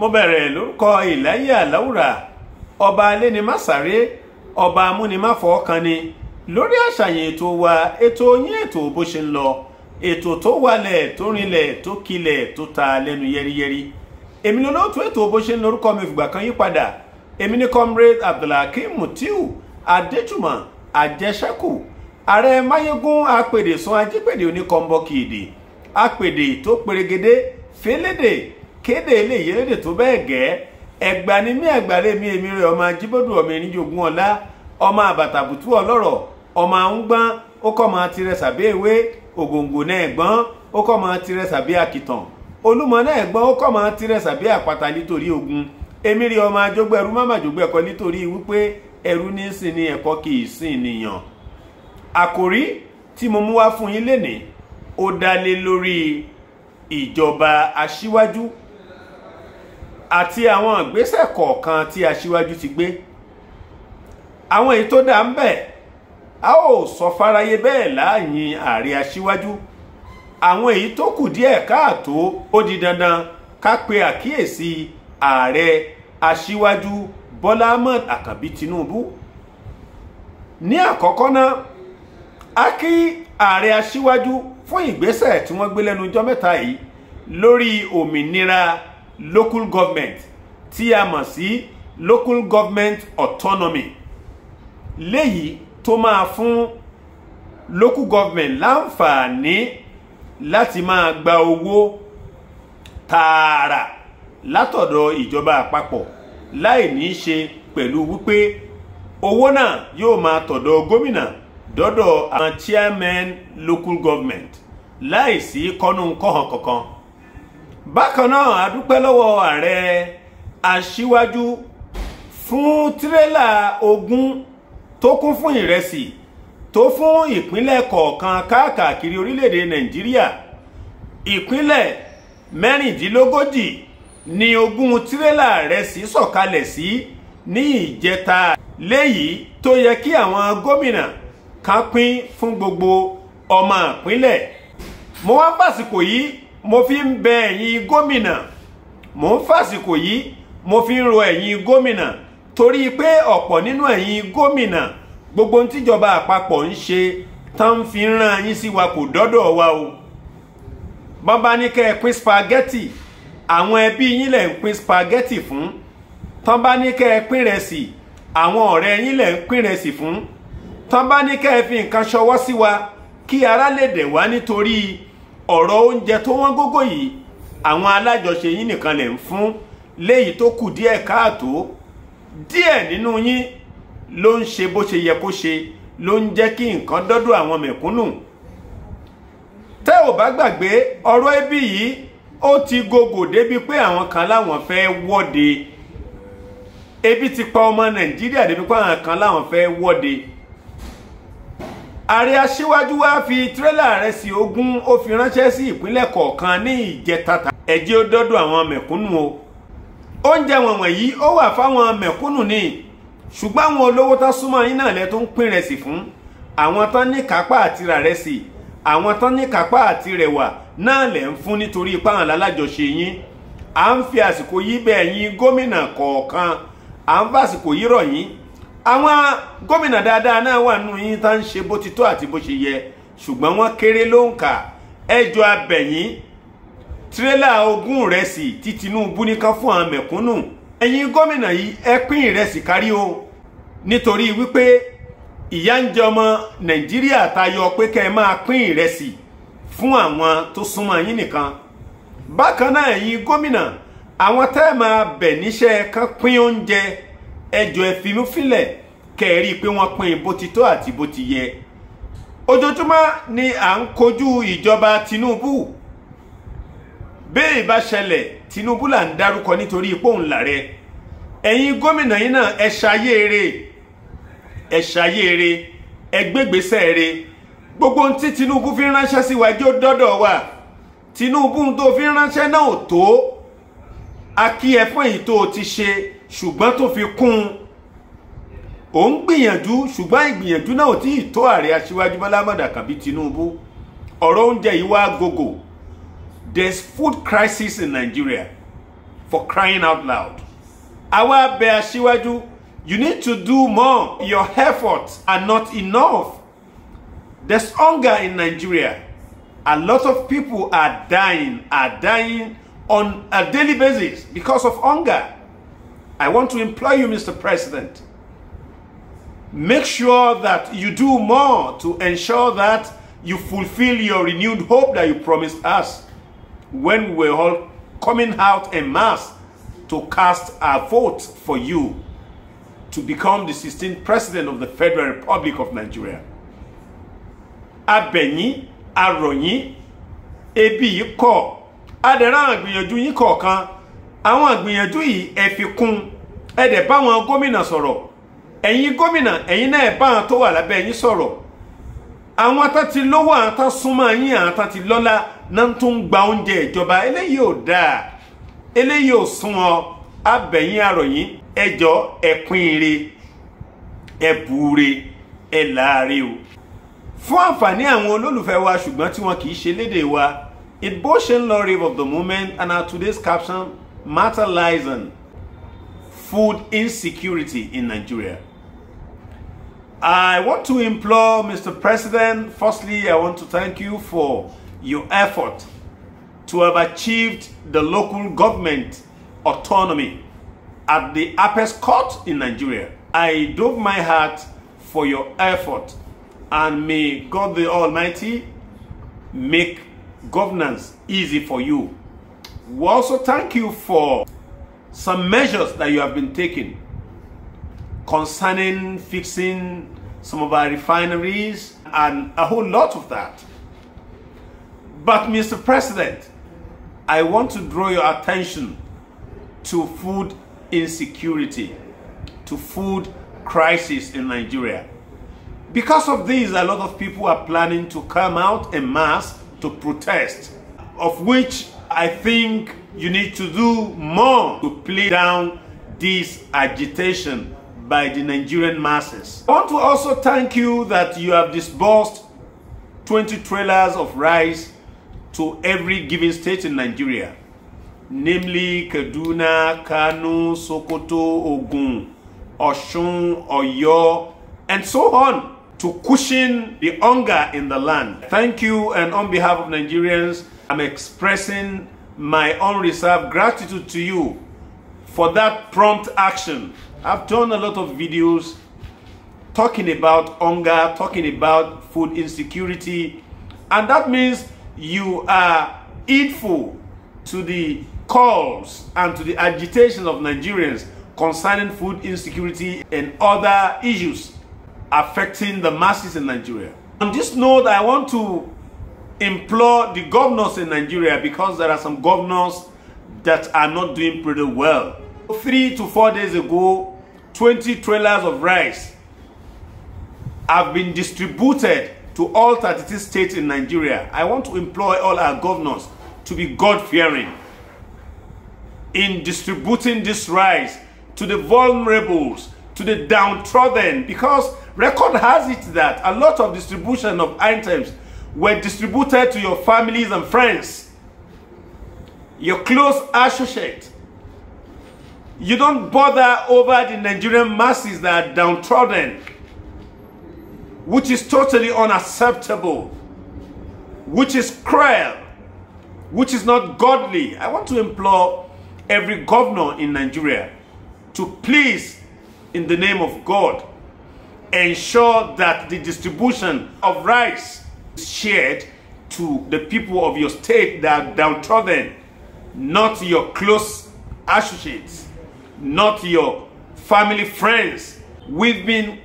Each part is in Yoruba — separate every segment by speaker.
Speaker 1: mo bẹ̀rẹ̀ lórúkọ ìláyé àláwùrà ọba alẹ́nimáṣáré ọba ni lórí àṣàyàn ètò wa ètò yín ètò bó ṣe ń lọ ètò tó wálẹ̀ tó rinlẹ̀ tó kilẹ̀ tó ta lẹ́nu yẹ́rìyẹ́rì èmi lólóòtú ètò bó ṣe ń lórúkọ mi fìgbà kan yí padà èmi ní comrade abdulhakeem mutiu adéjùmọ̀ àjẹṣẹ́kù ààrẹ máyégún apèdè sun ajípèdè oníkọ́ńbọ́kì èdè apèdè tó pèrègede fẹ́lẹ́dẹ̀ kéde eléyìí lédè tó bẹ́ẹ̀ gẹ́ ẹ̀gbà ni mí ẹ̀gbà lé mi èmi rẹ̀ ọmọ ajíbọ́dù ọmọ ẹnìjogún ọ̀la ọmọ àbàtàbùtú ọlọ́rọ̀ ọmọ àǹgbọ́n ó kọ́ máa tirẹ̀ sàbẹ́ ewé ògòǹgò náà ẹ̀gbọ́n ó kọ́ máa tirẹ̀ sàbẹ́ àkìtàn olúmọ náà ẹ̀gbọ́n ó kọ́ máa tirẹ̀ sàbẹ́ àpáta nítorí ogun èmi rẹ̀ ọmọ ajógbẹ́ ẹrú máma jógbẹ́ ẹ̀kọ́ nítorí wípé ẹrú ní sìn ni ẹ̀kọ́ kì í sìn nìyàn àkòrí tí mo mú wá fún yín lénìí ó dá lé lórí ìjọba aṣíwájú àti àwọn ìgbésẹ̀ kọ̀ọ̀kan tí aṣíwájú ti gbé àwọn èyí tó dáa ń bẹ a ó sọ fáráyé bẹ́ẹ̀ láàyìn ààrẹ aṣíwájú àwọn èyí tó kù díẹ̀ káàtó ó di dandan ká pe àkíyèsí ààrẹ aṣíwájú Bọ́lá Ahmed Àkànbí Tinubu ní àkọ́kọ́ náà a kí ààrẹ aṣíwájú fún ìgbésẹ̀ tí wọ́n gbé lẹ́nu ọjọ́ mẹ́ta yìí lórí òmìnira local government tí a mọ̀ sí local government autonomy léyìí tó máa fún local government láǹfààní láti máa gba owó tààrà látọ̀dọ̀ ìjọba àpapọ̀ láì ní í ṣe pẹ̀lú wípé owó náà yóò máa tọ̀dọ̀ gómìnà dọ́dọ̀ àwọn chairman local government láì sí kọ́nú kọ́hàn kankan bákan náà a dúpẹ́ lọ́wọ́ ààrẹ aṣíwájú fún tirẹ́là ogún tó kún fún ìrẹsì tó fún ìpínlẹ̀ kọ̀ọ̀kan káàkiri orílẹ̀-èdè nàìjíríà ìpínlẹ̀ mẹ́rìndínlógójì ni ogun tirẹ́là ìrẹsì sọ̀kalẹ̀ sí ní ìjẹta léyìí tó yẹ kí àwọn gómìnà kan pín fún gbogbo ọmọ ìpínlẹ̀ mo wá pàsìkò yìí mo fi ń bẹ ẹ̀yin gómìnà mò ń fàsìkò yìí mo fi ń rọ ẹ̀yin gómìnà torí pé ọ̀pọ̀ nínú ẹ̀yin gómìnà gbogbo tíjọba àpapọ̀ ń ṣe tán fi ń rán yín sí wa kò dọ́dọ̀ wa o bọ́n bá ní kẹ́ ẹ pín spaghetti àwọn ẹbí yín lẹ̀ ń pín spaghetti fún tán bá ní kẹ́ ẹ pín rẹsì àwọn ọ̀rẹ́ yín lẹ̀ ń pín rẹsì fún tán bá ní kẹ́ ẹ fi nǹkan ṣọwọ́ sí wa kí ara lè dẹ̀ wá nítorí ọ̀rọ̀ oúnjẹ tó wọ́n gógó yìí àwọn alájọṣe yín nìkan lè ń fún léyìí tó kù díẹ̀ káàtó díẹ̀ nínú yín ló ń ṣe bó ṣe yẹ kó ṣe ló ń jẹ́ kí nǹkan dọ́dọ̀ àwọn mẹ̀kúnnù tẹ́ ò bá gbàgbé ọ̀rọ̀ ẹbí yìí ó ti gogò débi pé àwọn kan láwọn fẹ́ wọ́de ebi ti pa ọmọ nàìjíríà débi pé àwọn kan láwọn fẹ́ wọ́de ààrẹ aṣíwájú wa fi tírélà rẹ̀ sí ogún ó fi ránṣẹ́ sí ìpínlẹ̀ kọ̀ọ̀kan ní ìjẹtata ẹ̀jẹ̀ ó dọ́dọ̀ àwọn mẹ̀kúnnù o oúnjẹ wọ̀nwọ̀n yìí ó wà fáwọn mẹ̀kúnnù ni ṣùgbọ́n àwọn olówó tán súnmọ́ yín náà lẹ tó ń pín rẹ̀ sí fún àwọn tán ní kápá àti rà rẹ̀ sí àwọn tán ní kápá àti rẹwà náà lẹ̀ ń fún nítorí ipá hàn lálájọṣe yín à ń fi àsìkò yìí bẹ̀ yín gómìnà kọ̀ọ̀kan à ń fàsìkò yìí rọ̀ yín àwọn gómìnà dáadáa náà wà nù yín tá ń ṣe bó ti tó àti bó ṣe yẹ ṣùgbọ́n wọ́n kéré ló ń kà ẹjọ́ abẹ̀yìn tírélà ogún ìrẹsì tí Tinubu nìkan fún àwọn o nítorí wípé ń jẹ ọmọ Nàìjíríà tayọ pé ẹ máa pín ìrẹsì fún àwọn tó yín nìkan bákan náà ẹ̀yin gómìnà àwọn ẹ máa ẹjọ́ ẹ fi mú fílẹ̀ kẹ́ẹ̀rí pé wọ́n pín bó ti tó àti bó ti yẹ ojoojúmọ́ ni à ń kojú ìjọba Tinubu bẹ́ẹ̀ bá ṣẹlẹ̀ Tinubu là ń dárúkọ nítorí ipò ńlá rẹ̀ ẹ̀yin gómìnà yìí náà ẹ ṣàyéere ẹ ṣàyéere ẹ gbégbèsè rẹ̀ gbogbo ohun tí Tinubu fi ránṣẹ́ sí wa jẹ́ ó dọ́dọ̀ wa Tinubu tó fi ránṣẹ́ náà ò tó a kí ẹ fún èyí tó o ti ṣe ṣùgbọ́n tó fi kún un ò ń gbìyànjú ṣùgbọ́n ìgbìyànjú náà ò tí ì tó ààrẹ aṣíwájú bọ́lá mọ̀dàkàbí tinubu ọ̀rọ̀ oúnjẹ yìí wá gògò there food crisis in Nigeria for crying out loud àwa abẹ aṣíwájú you need to do more your efforts are not enough There's hunger in Nigeria a lot of people are dying are dying on a daily basis because of hunger. I want to implore you, Mr. President, make sure that you do more to ensure that you fulfill your renewed hope that you promised us when we were all coming out en masse to cast our vote for you to become the 16th president of the Federal Republic of Nigeria. Abeni, Aroni, ebi kọ̀, adẹ̀rán àgbìyànjú yín kọ̀ọ̀kan àwọn ìgbìyànjú yìí ẹ fi kún ẹ dẹ̀ bá àwọn gómìnà sọ̀rọ̀ ẹ̀yin gómìnà ẹ̀yin náà ẹ bá àwọn tó wà lábẹ́ ẹ̀yin sọ̀rọ̀ àwọn ata ti lówó àwọn ata súnmọ́ yín àwọn ata ti lọ́lá náà tún gba oúnjẹ ìjọba eléyìí ò dáa eléyìí ò sún ọ abẹ̀yìn àròyìn ẹjọ́ ẹ̀pín ire ẹ̀bùre ẹ̀láàrí o fún àǹfààní àwọn olólùfẹ́ wa ṣùgbọ́n tí wọn kì í ṣe lédè wa it both ṣe ń lọ rave of the moment and our today's caption matter lies on food insecurity in Nigeria. I want to implore Mr. President, firstly, I want to thank you for your effort to have achieved the local government autonomy at the Apex Court in Nigeria. I do my heart for your effort and may God the Almighty make governance easy for you we also thank you for some measures that you have been taking concerning fixing some of our refineries and a whole lot of that. But Mr. President, I want to draw your attention to food insecurity, to food crisis in Nigeria. Because of this, a lot of people are planning to come out en masse to protest, of which I think you need to do more to play down this agitation by the Nigerian masses. I want to also thank you that you have disbursed 20 trailers of rice to every given state in Nigeria, namely Kaduna, Kano, Sokoto, Ogun, Oshun, Oyo, and so on to cushion the hunger in the land. Thank you and on behalf of Nigerians, I'm expressing my unreserved gratitude to you for that prompt action. I've done a lot of videos talking about hunger, talking about food insecurity, and that means you are heedful to the calls and to the agitation of Nigerians concerning food insecurity and other issues affecting the masses in Nigeria. On this note, I want to implore the governors in Nigeria because there are some governors that are not doing pretty well. Three to four days ago, 20 trailers of rice have been distributed to all 30 states in Nigeria. I want to employ all our governors to be God-fearing in distributing this rice to the vulnerables, to the downtrodden, because record has it that a lot of distribution of items were distributed to your families and friends, your close associates. You don't bother over the Nigerian masses that are downtrodden, which is totally unacceptable, which is cruel, which is not godly. I want to implore every governor in Nigeria to please, in the name of God, ensure that the distribution of rice shared to the people of your state that are downtrodden, not your close associates, not your family friends. We've been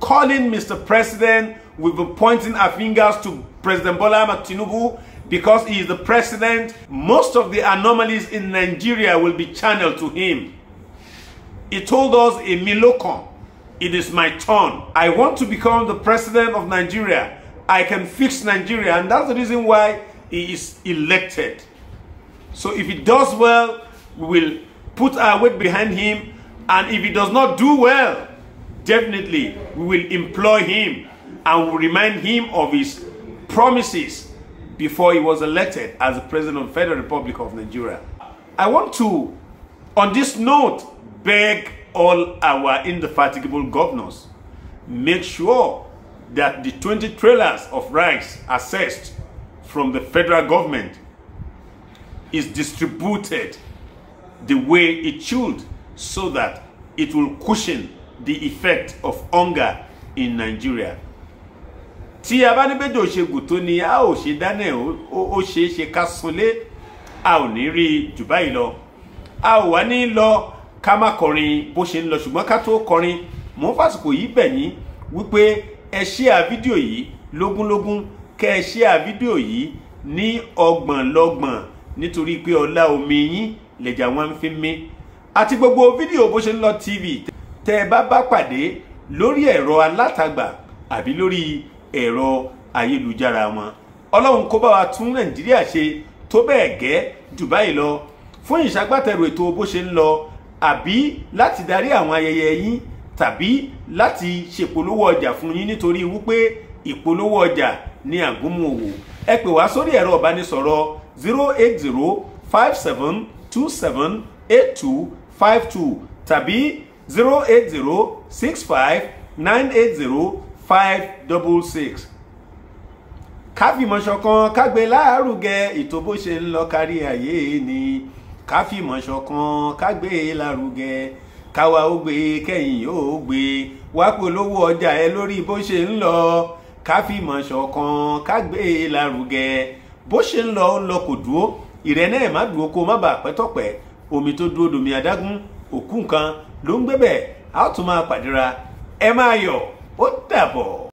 Speaker 1: calling Mr. President, we've been pointing our fingers to President Bola Ahmed Tinubu because he is the president. Most of the anomalies in Nigeria will be channeled to him. He told us in Milokon, it is my turn. I want to become the president of Nigeria. I can fix Nigeria. And that's the reason why he is elected. So if he does well, we will put our weight behind him. And if he does not do well, definitely we will employ him and will remind him of his promises before he was elected as the president of the Federal Republic of Nigeria. I want to, on this note, beg all our indefatigable governors, make sure that the 20 trailers of rice assessed from the federal government is distributed the way it should so that it will cushion the effect of hunger in Nigeria. Ti a bá ní bẹ́jọ́ ṣe gùn tó ni a ò ṣe dáná ẹ̀ ó ṣe é ṣe ká a ò ní rí jù báyìí A ò wá ní lọ ká má kọrin bó ṣe ń lọ ṣùgbọ́n ká tó kọrin mò ń fàsìkò yìí bẹ̀ yín ẹ ṣíà fídíò yìí lógúnlógún kẹ́ ẹ ṣíà fídíò yìí ní ọgbọ̀n lọ́gbọ̀n nítorí pé ọlá omi yín lẹ̀jà wọn ń fi mí àti gbogbo fídíò bó ṣe ń lọ tv tẹ́ ẹ bá bá pàdé lórí ẹ̀rọ alátagbà àbí lórí ẹ̀rọ ayélujára wọn ọlọ́run kó bá wa tún nàìjíríà ṣe tó bẹ́ẹ̀ gẹ́ jù báyìí lọ fún ìṣàgbàtẹ̀rù ètò bó ṣe ń lọ àbí láti darí àwọn ayẹyẹ yín tàbí láti ṣèpolówó ọjà fún yín nítorí wípé ìpolówó ọjà ní àgúnmu òwò ẹ pè wá sórí ẹ̀rọ ìbánisọ̀rọ̀ zero eight zero five seven two seven eight two five two tàbí zero eight zero six five nine eight zero five double six káfìmọ̀ ṣọ̀kan kágbé láàrúgẹ ètò bó ṣe ń lọ kárí ayé ni káfìmọ̀ ṣọ̀kan kágbé lárugẹ káwa ó gbé kẹ́yìn ó gbé wá polówó ọjà ẹ lórí bó ṣe ń lọ ká fìmọ̀ ṣọ̀kan ká gbé e lárugẹ bó ṣe ń lọ ó lọ kò dúró ìrẹ́ náà má dúró kó má bàa pẹ́tọ̀pẹ́ omi tó dúró domi adágún òkú nǹkan ló ń gbébẹ̀ a ó tún máa pàdéra ẹ máa yọ̀ ó dàbọ̀.